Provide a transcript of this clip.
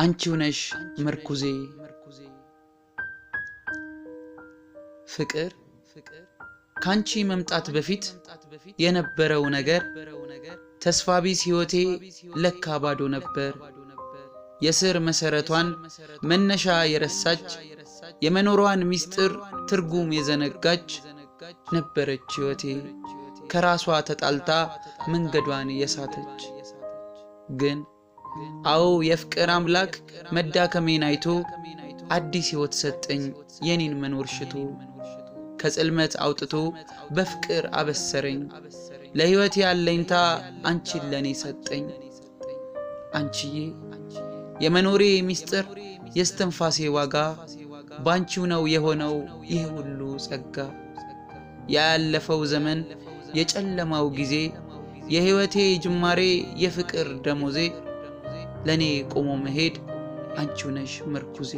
አንቺው ነሽ ምርኩዜ ፍቅር ካንቺ መምጣት በፊት የነበረው ነገር ተስፋ ቢስ ሕይወቴ ለካ ባዶ ነበር። የስር መሰረቷን መነሻ የረሳች የመኖሯን ምስጢር ትርጉም የዘነጋች ነበረች ሕይወቴ ከራሷ ተጣልታ መንገዷን የሳተች ግን አዎ የፍቅር አምላክ መዳከሜን አይቶ አዲስ ሕይወት ሰጠኝ የኔን መኖር ሽቶ ከጽልመት አውጥቶ በፍቅር አበሰረኝ ለሕይወት ያለኝታ አንቺን ለእኔ ሰጠኝ። አንቺዬ የመኖሬ ምስጢር የስትንፋሴ ዋጋ ባንቺው ነው የሆነው ይህ ሁሉ ጸጋ። ያለፈው ዘመን የጨለማው ጊዜ የሕይወቴ ጅማሬ የፍቅር ደሞዜ ለእኔ ቆሞ መሄድ አንቺው ነሽ ምርኩዜ